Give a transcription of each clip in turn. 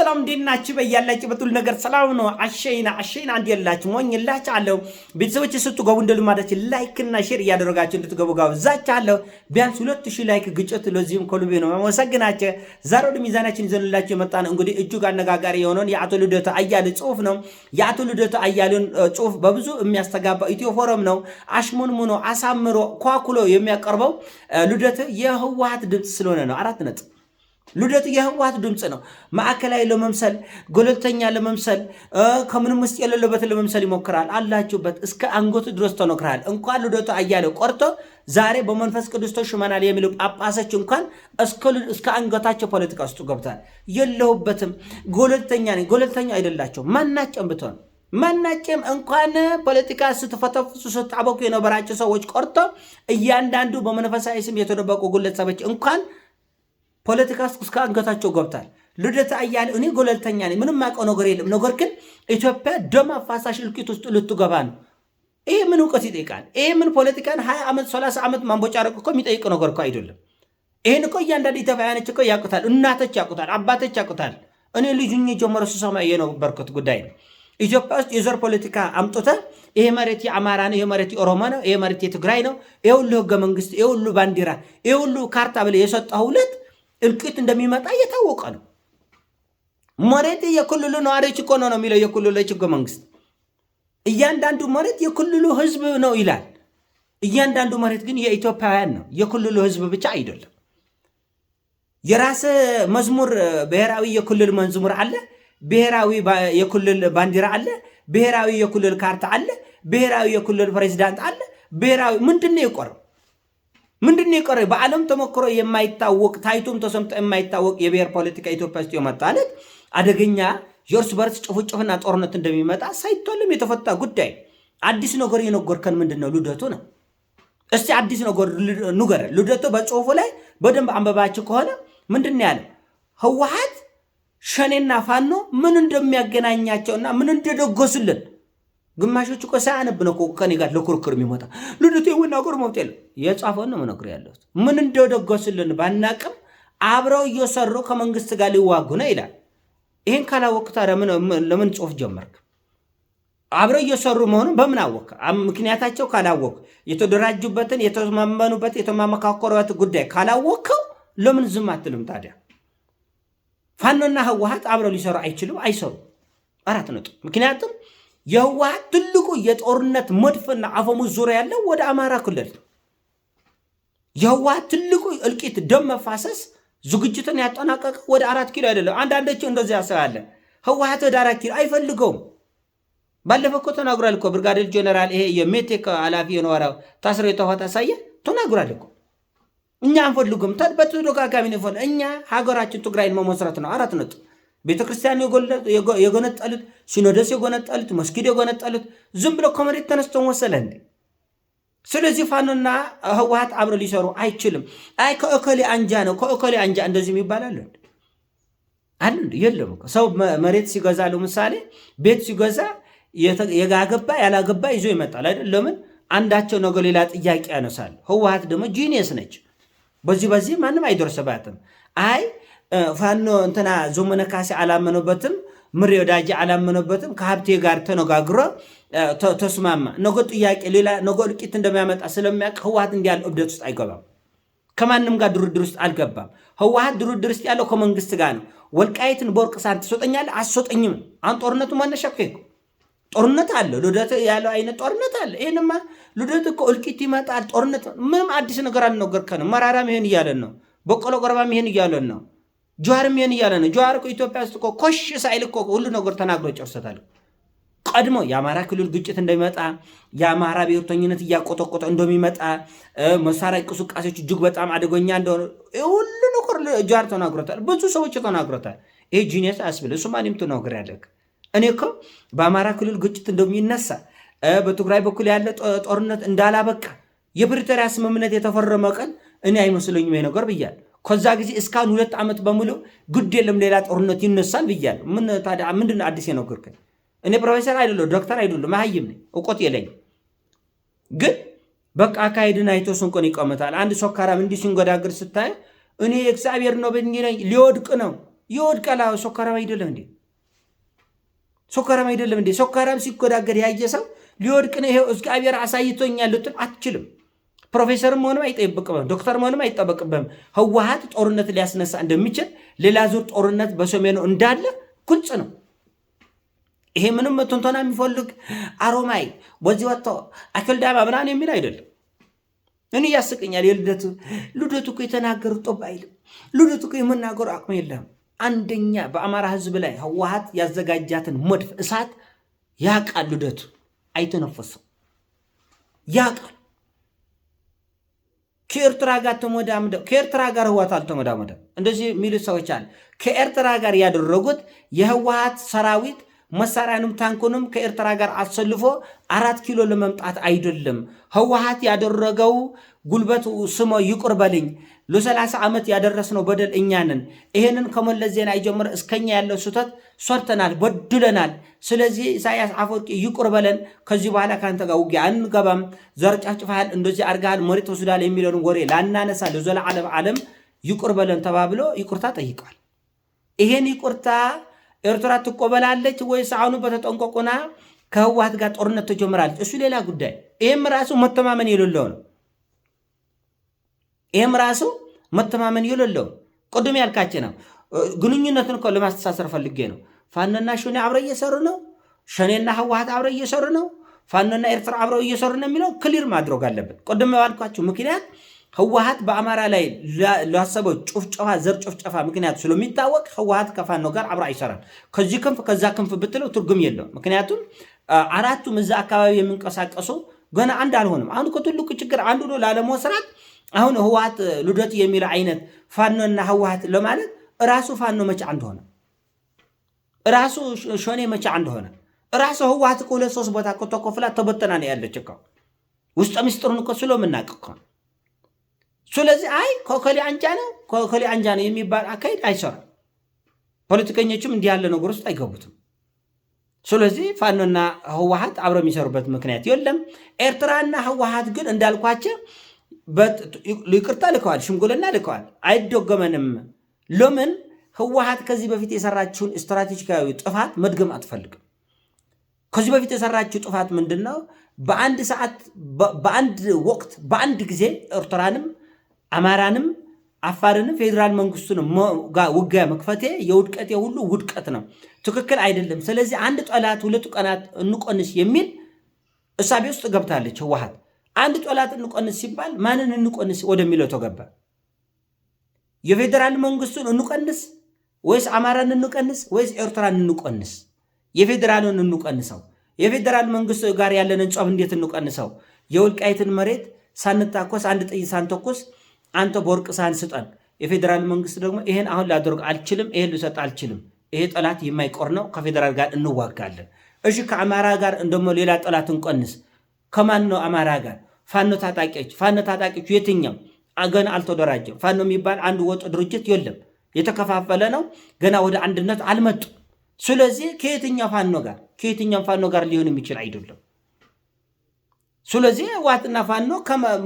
ሰላም እንዴት ናችሁ? በያላችሁ በቱል ነገር ሰላም ነው። አሸይና አሸይና አንድ ያላችሁ ሞኝላችሁ አለው። ቤተሰቦች ስትገቡ እንደ ልማዳችን ላይክ እና ሼር እያደረጋችሁ እንድትገቡ ጋብዛችኋለሁ። ቢያንስ ሁለት ሺህ ላይክ ግጭት ለዚህም ከልቤ ነው ማመሰግናችሁ። ዛሬ ወደ ሚዛናችን ይዘንላችሁ የመጣን እንግዲህ እጅግ አነጋጋሪ የሆነውን የአቶ ልደቱ አያሌ ጽሁፍ ነው። የአቶ ልደቱ አያሌውን ጽሁፍ በብዙ የሚያስተጋባ ኢትዮ ፎረም ነው አሽሙንሙኖ አሳምሮ ኳኩሎ የሚያቀርበው ልደቱ የህወሓት ድምፅ ስለሆነ ነው። አራት ነጥብ ልደቱ የህወሓት ድምፅ ነው። ማዕከላዊ ለመምሰል ገለልተኛ ለመምሰል ከምንም ውስጥ የሌለበት ለመምሰል ይሞክራል። አላችሁበት እስከ አንገቱ ድረስ ተኖክራል። እንኳን ልደቱ አያሌው ቆርቶ ዛሬ በመንፈስ ቅዱስ ተሹመናል የሚሉ ጳጳሶች እንኳን እስከ አንገታቸው ፖለቲካ ውስጥ ገብቷል። የለሁበትም። ገለልተኛ ነኝ። ገለልተኛ አይደላቸው ማናቸውም ብትሆን ማናቸውም እንኳን ፖለቲካ ስትፈተፍሱ ስታበቁ የነበራቸው ሰዎች ቆርቶ እያንዳንዱ በመንፈሳዊ ስም የተደበቁ ግለሰቦች እንኳን ፖለቲካ ውስጥ እስከ አንገታቸው ገብቷል። ልደት እያለ እኔ ጎለልተኛ ነኝ፣ ምንም ማቀው ነገር የለም። ነገር ግን ኢትዮጵያ ደም አፋሳሽ እልቂት ውስጥ ልትገባ ነው። ይህ ምን እውቀት ይጠይቃል? ይህ ምን ፖለቲካን ሀያ ዓመት ሰላሳ ዓመት ማንቦጫረቅ እኮ የሚጠይቅ ነገር እኮ አይደለም። ይህን እኮ እያንዳንድ ኢትዮጵያውያኖች እኮ ያውቁታል፣ እናቶች ያውቁታል፣ አባቶች ያውቁታል። እኔ ልጅ ጀመረ ጀምሮ ስሰማ የነበርኩት ጉዳይ ነው። ኢትዮጵያ ውስጥ የዘር ፖለቲካ አምጥተ ይሄ መሬት የአማራ ነው፣ ይሄ መሬት የኦሮሞ ነው፣ ይሄ መሬት የትግራይ ነው፣ ይሄ ሁሉ ህገ መንግስት፣ ይሄ ሁሉ ባንዲራ፣ ይሄ ሁሉ ካርታ ብለህ የሰጠኸው ዕለት እልቂት እንደሚመጣ እየታወቀ ነው። መሬት የክልሉ ነዋሪዎች እኮ ነው የሚለው የክልሉ ህገ መንግስት። እያንዳንዱ መሬት የክልሉ ህዝብ ነው ይላል። እያንዳንዱ መሬት ግን የኢትዮጵያውያን ነው፣ የክልሉ ህዝብ ብቻ አይደለም። የራስ መዝሙር ብሔራዊ የክልል መዝሙር አለ፣ ብሔራዊ የክልል ባንዲራ አለ፣ ብሔራዊ የክልል ካርታ አለ፣ ብሔራዊ የክልል ፕሬዚዳንት አለ። ብሔራዊ ምንድን ነው የቆረው? ምንድን ነው የቀረ? በዓለም ተሞክሮ የማይታወቅ ታይቶም ተሰምቶ የማይታወቅ የብሔር ፖለቲካ ኢትዮጵያ ውስጥ የመጣ ማለት አደገኛ የእርስ በርስ ጭፍጭፍና ጦርነት እንደሚመጣ ሳይቷልም የተፈታ ጉዳይ። አዲስ ነገር የነገርከን ምንድን ነው? ልደቱ ነው። እስቲ አዲስ ነገር ንገር። ልደቱ በጽሁፉ ላይ በደንብ አንበባችሁ ከሆነ ምንድን ነው ያለ? ህወሓት ሸኔና ፋኖ ምን እንደሚያገናኛቸውና ምን እንደደጎሱልን ግማሾች እኮ ሳያነብ ነው ከኔ ጋር ለክርክር የሚመጣ ልንት የምናገር መብት የለም። የጻፈውን ነው መነግር ያለሁት። ምን እንደደገሱልን ባናቅም አብረው እየሰሩ ከመንግስት ጋር ሊዋጉ ነው ይላል። ይህን ካላወቅ ታዲያ ለምን ጽሁፍ ጀመርክ? አብረው እየሰሩ መሆኑን በምን አወቅ? ምክንያታቸው ካላወቅ የተደራጁበትን የተማመኑበት የተማመካከሩበት ጉዳይ ካላወቅከው ለምን ዝም አትልም ታዲያ? ፋኖና ህወሀት አብረው ሊሰሩ አይችሉም፣ አይሰሩ አራት ነጥብ። ምክንያቱም የህወሓት ትልቁ የጦርነት መድፍና አፈሙዝ ዙሪያ ያለው ወደ አማራ ክልል ነው። የህወሓት ትልቁ እልቂት፣ ደም መፋሰስ ዝግጅትን ያጠናቀቀ ወደ አራት ኪሎ አይደለም። አንዳንዶች እንደዚህ ያስባለ ህወሓት ወደ አራት ኪሎ አይፈልገውም። ባለፈው እኮ ተናግሯል እኮ ብርጋዴር ጀነራል ይሄ የሜቴክ ኃላፊ የነዋራ ታስሮ የተኋት አሳየ ተናግሯል እኮ እኛ አንፈልጉም። በተደጋጋሚ እኛ ሀገራችን ትግራይን መመስረት ነው አራት ነጥብ ቤተክርስቲያን የጎነጠሉት፣ ሲኖደስ የጎነጠሉት፣ መስጊድ የጎነጠሉት ዝም ብሎ ከመሬት ተነስቶን ወሰለ እንዴ? ስለዚህ ፋኖና ህወሓት አብረ ሊሰሩ አይችልም። አይ ከእከሌ አንጃ ነው ከእከሌ አንጃ እንደዚህ ይባላል አንድ የለም። ሰው መሬት ሲገዛ ለምሳሌ ቤት ሲገዛ የጋገባ ያላገባ ይዞ ይመጣል አይደል? ለምን አንዳቸው ነገ ሌላ ጥያቄ ያነሳል። ህወሓት ደግሞ ጂኒየስ ነች። በዚህ በዚህ ማንም አይደርስባትም። አይ ፋኖ እንትና ዞመነ ካሴ አላመነበትም። ምሬ ወዳጅ አላመነበትም። ከሀብቴ ጋር ተነጋግሮ ተስማማ። ነገ ጥያቄ ሌላ ነገ እልቂት እንደሚያመጣ ስለሚያውቅ ህወሀት እንዲህ ያለ እብደት ውስጥ አይገባም። ከማንም ጋር ድርድር ውስጥ አልገባም። ህወሀት ድርድር ውስጥ ያለው ከመንግስት ጋር ነው። ወልቃይትን በወርቅ ሳንቲም ትሰጠኛለህ አትሰጠኝም። አሁን ጦርነቱ መነሻ ጦርነት አለ። ልደት ያለው አይነት ጦርነት አለ። ይህንማ ልደት እኮ እልቂት ይመጣል። ጦርነት ምንም አዲስ ነገር አልነገርከንም። መራራም ይሄን እያለን ነው። በቆሎ ቆረባም ይሄን እያለን ነው። ጀዋርም ምን እያለ ነው። ጀዋር እኮ ኢትዮጵያ ውስጥ እኮ ኮሽ ሳይል እኮ ሁሉ ነገር ተናግሮ ጨርሰታል። ቀድሞ የአማራ ክልል ግጭት እንደሚመጣ የአማራ ብሔርተኝነት እያቆጠቆጠ እንደሚመጣ መሳሪያ እንቅስቃሴዎች እጅግ በጣም አደገኛ እንደሆነ ሁሉ ነገር ጀዋር ተናግሮታል። ብዙ ሰዎች ተናግሮታል። ይሄ ጂኒየስ አስብል ማንም ትነግር ያደግ እኔ እኮ በአማራ ክልል ግጭት እንደሚነሳ በትግራይ በኩል ያለ ጦርነት እንዳላበቃ የፕሪቶሪያ ስምምነት የተፈረመ ቀን እኔ አይመስለኝም ይሄ ነገር ብያለሁ። ከዛ ጊዜ እስካሁን ሁለት ዓመት በሙሉ ግድ የለም ሌላ ጦርነት ይነሳል ብያል። ምን ታዲያ ምንድን አዲስ የነገርከኝ? እኔ ፕሮፌሰር አይደለሁ ዶክተር አይደለሁ መሀይም ነኝ፣ እውቀት የለኝም። ግን በቃ አካሄድን አይቶ ስንቆን ይቆመታል። አንድ ሶካራም እንዲህ ሲንጎዳግር ስታይ እኔ እግዚአብሔር ነው ብኝ ሊወድቅ ነው ይወድቃል። ሶካራም አይደለም እንዴ? ሶካራም አይደለም እንዴ? ሶካራም ሲጎዳገር ያየ ሰው ሊወድቅ ነው ይሄው እግዚአብሔር አሳይቶኛል ልትል አትችልም። ፕሮፌሰር መሆንም አይጠበቅብም፣ ዶክተር መሆንም አይጠበቅብም። ህወሓት ጦርነት ሊያስነሳ እንደሚችል ሌላ ዙር ጦርነት በሰሜኑ እንዳለ ግልጽ ነው። ይሄ ምንም ትንተና የሚፈልግ አሮማይ በዚህ ወጥቶ አክልዳማ ምናምን የሚል አይደለም። እኔ ያስቀኛል። የልደቱ ልደቱ እኮ የተናገሩ ጦብ አይልም። ልደቱ እኮ የመናገሩ አቅም የለም። አንደኛ በአማራ ህዝብ ላይ ህወሓት ያዘጋጃትን መድፍ እሳት ያቃል። ልደቱ አይተነፈስም፣ ያቃል ልደቱ አይተነፈሰው ያቃል ከኤርትራ ጋር ተሞዳምደው ከኤርትራ ጋር ህወሓት አልተሞዳመደም። እንደዚህ የሚሉ ሰዎች አለ። ከኤርትራ ጋር ያደረጉት የህወሓት ሰራዊት መሳሪያንም ታንኩንም ከኤርትራ ጋር አሰልፎ አራት ኪሎ ለመምጣት አይደለም። ህወሓት ያደረገው ጉልበት ስሞ ይቁርበልኝ በልኝ ለሰላሳ ዓመት ያደረስነው በደል እኛንን ይህንን ከመለስ ዜና ይጀምር እስከኛ ያለው ስህተት ሰርተናል፣ በድለናል። ስለዚህ ኢሳያስ አፈወርቂ ይቁርበለን። ከዚህ በኋላ ከአንተ ጋር ውጊያ አንገባም፣ ዘር ጨፍጭፈሃል፣ እንደዚህ አድርገሃል፣ መሬት ወስዳል የሚለውን ወሬ ላናነሳ ለዘለዓለም ዓለም ይቁር በለን ተባብሎ ይቁርታ ጠይቋል። ይሄን ይቁርታ ኤርትራ ትቆበላለች ወይስ አሁኑ በተጠንቀቁና ከህወሓት ጋር ጦርነት ትጀምራለች። እሱ ሌላ ጉዳይ። ይህም ራሱ መተማመን የሌለው ነው። ይህም ራሱ መተማመን የሌለው ቅድም ያልካች ነው። ግንኙነትን እኮ ለማስተሳሰር ፈልጌ ነው። ፋኖና ሸኔ አብረው እየሰሩ ነው። ሸኔና ህወሓት አብረው እየሰሩ ነው። ፋኖና ኤርትራ አብረው እየሰሩ ነው የሚለው ክሊር ማድረግ አለበት። ቅድም ባልኳቸው ምክንያት ህወሓት በአማራ ላይ ላሰበው ጭፍጨፋ ዘር ጭፍጨፋ ምክንያቱ ስለሚታወቅ ህወሓት ከፋኖ ጋር አብሮ አይሰራም። ከዚህ ክንፍ ከዛ ክንፍ ብትለው ትርጉም የለው። ምክንያቱም አራቱም እዛ አካባቢ የሚንቀሳቀሱ ገና አንድ አልሆንም። አንዱ ከትልቁ ችግር አንዱ ነው ላለመወስራት አሁን ህወሓት ልደት የሚል አይነት ፋኖና ህወሓት ለማለት እራሱ ፋኖ መቼ እንደሆነ ራሱ ሾኔ መቼ እንደሆነ ራሱ ህወሓት ከሁለት ሶስት ቦታ ተከፍላ ተበተና ነው ያለች። ውስጠ ምስጢሩን እኮ ነው። ስለዚህ አይ ከከሌ አንጃ ነው ከከሌ አንጃ ነው የሚባል አካሄድ አይሰራም። ፖለቲከኞችም እንዲህ ያለ ነገር ውስጥ አይገቡትም። ስለዚህ ፋኖና ህወሀት አብረው የሚሰሩበት ምክንያት የለም። ኤርትራና ህወሀት ግን እንዳልኳቸው ይቅርታ ልከዋል፣ ሽምግልና ልከዋል። አይደገመንም። ለምን ህወሀት ከዚህ በፊት የሰራችውን ስትራቴጂካዊ ጥፋት መድገም አትፈልግም። ከዚህ በፊት የሰራችው ጥፋት ምንድን ነው? በአንድ ሰዓት፣ በአንድ ወቅት፣ በአንድ ጊዜ ኤርትራንም አማራንም አፋርንም ፌዴራል መንግስቱን ውጋ መክፈቴ የውድቀቴ ሁሉ ውድቀት ነው፣ ትክክል አይደለም። ስለዚህ አንድ ጠላት ሁለቱ ቀናት እንቆንስ የሚል እሳቤ ውስጥ ገብታለች ህወሓት። አንድ ጠላት እንቆንስ ሲባል ማንን እንቆንስ ወደሚለው ተገባ። የፌዴራል መንግስቱን እንቀንስ ወይስ አማራን እንቀንስ ወይስ ኤርትራን እንቀንስ? የፌዴራሉን እንቀንሰው። የፌዴራል መንግስቱ ጋር ያለንን ጸብ እንዴት እንቀንሰው? የወልቃይትን መሬት ሳንታኮስ አንድ ጥይት ሳንተኮስ አንተ በወርቅ ሳህን ስጠን። የፌዴራል መንግስት ደግሞ ይሄን አሁን ላደርግ አልችልም፣ ይሄን ልሰጥ አልችልም፣ ይሄ ጠላት የማይቆር ነው፣ ከፌዴራል ጋር እንዋጋለን። እሺ ከአማራ ጋር እንደሞ ሌላ ጠላት እንቀንስ። ከማን ነው አማራ ጋር? ፋኖ ታጣቂዎች። ፋኖ ታጣቂዎች የትኛው ገና አልተደራጀም። ፋኖ የሚባል አንድ ወጥ ድርጅት የለም፣ የተከፋፈለ ነው። ገና ወደ አንድነት አልመጡ። ስለዚህ ከየትኛው ፋኖ ጋር ከየትኛው ፋኖ ጋር ሊሆን የሚችል አይደለም። ስለዚህ ህወሓትና ፋኖ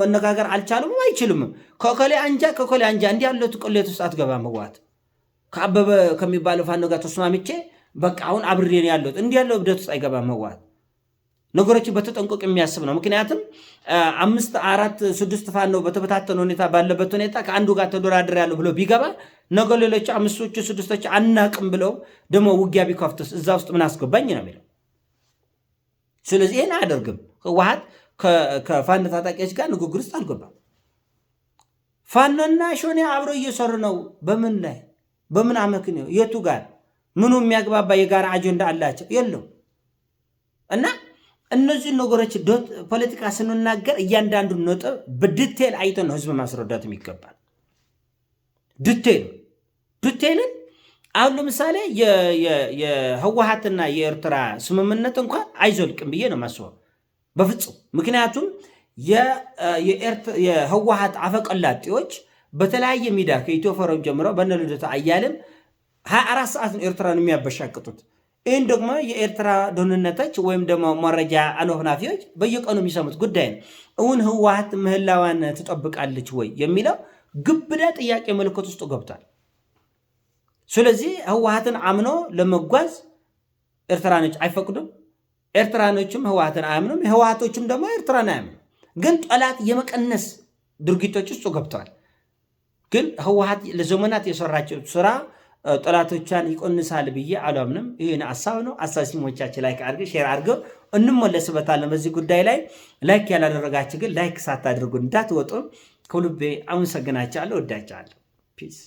መነጋገር አልቻሉም፣ አይችልም። ከኮሌ አንጃ ከኮሌ አንጃ እንዲህ ያለት ቅሌት ውስጥ አትገባም። ህወሓት ከአበበ ከሚባለው ፋኖ ጋር ተስማምቼ በቃ አሁን አብሬን ያለት እንዲህ ያለው እብደት ውስጥ አይገባም። ህወሓት ነገሮችን በተጠንቀቅ የሚያስብ ነው። ምክንያቱም አምስት አራት ስድስት ፋኖ በተበታተነ ሁኔታ ባለበት ሁኔታ ከአንዱ ጋር ተደራድር ያለው ብሎ ቢገባ ነገ ሌሎች አምስቶቹ ስድስቶች አናቅም ብለው ደግሞ ውጊያ ቢከፍትስ እዛ ውስጥ ምን አስገባኝ ነው የሚለው። ስለዚህ ይህን አያደርግም ህወሓት ከፋኖ ታጣቂዎች ጋር ንግግር ውስጥ አልገባም። ፋኖና ሾኔ አብረው እየሰሩ ነው። በምን ላይ በምን አመክንዮ የቱ ጋር ምኑ የሚያግባባ የጋራ አጀንዳ አላቸው? የለው እና እነዚህ ነገሮች ፖለቲካ ስንናገር እያንዳንዱ ነጥብ በድቴል አይተ ነው ህዝብ ማስረዳት ይገባል። ድቴል ድቴልን አሁን ለምሳሌ የህወሀትና የኤርትራ ስምምነት እንኳን አይዘልቅም ብዬ ነው ማስበው። በፍጹም ምክንያቱም የህወሀት አፈቀላጤዎች በተለያየ ሚዲያ ከኢትዮ ፎረም ጀምረው በነ ልደቱ አያሌም ሀያ አራት ሰዓት ነው ኤርትራን የሚያበሻቅጡት። ይህን ደግሞ የኤርትራ ደህንነቶች ወይም ደግሞ መረጃ አለሆናፊዎች በየቀኑ የሚሰሙት ጉዳይ ነው። እውን ህወሀት ምህላዋን ትጠብቃለች ወይ የሚለው ግብዳ ጥያቄ ምልክት ውስጥ ገብቷል። ስለዚህ ህወሀትን አምኖ ለመጓዝ ኤርትራ አይፈቅዱም። ኤርትራኖችም ህወሓትን አያምኑም፣ ህወሓቶችም ደግሞ ኤርትራን አያምኑም። ግን ጠላት የመቀነስ ድርጊቶች ውስጥ ገብተዋል። ግን ህወሓት ለዘመናት የሰራቸው ስራ ጠላቶቿን ይቆንሳል ብዬ አላምንም። ይህን አሳብ ነው። አሳሲሞቻችን ላይክ አድርገ ሼር አድርገ እንመለስበታለን በዚህ ጉዳይ ላይ። ላይክ ያላደረጋችሁ ግን ላይክ ሳታደርጉ እንዳትወጡ። ከልቤ አመሰግናችኋለሁ፣ እወዳችኋለሁ። ፒስ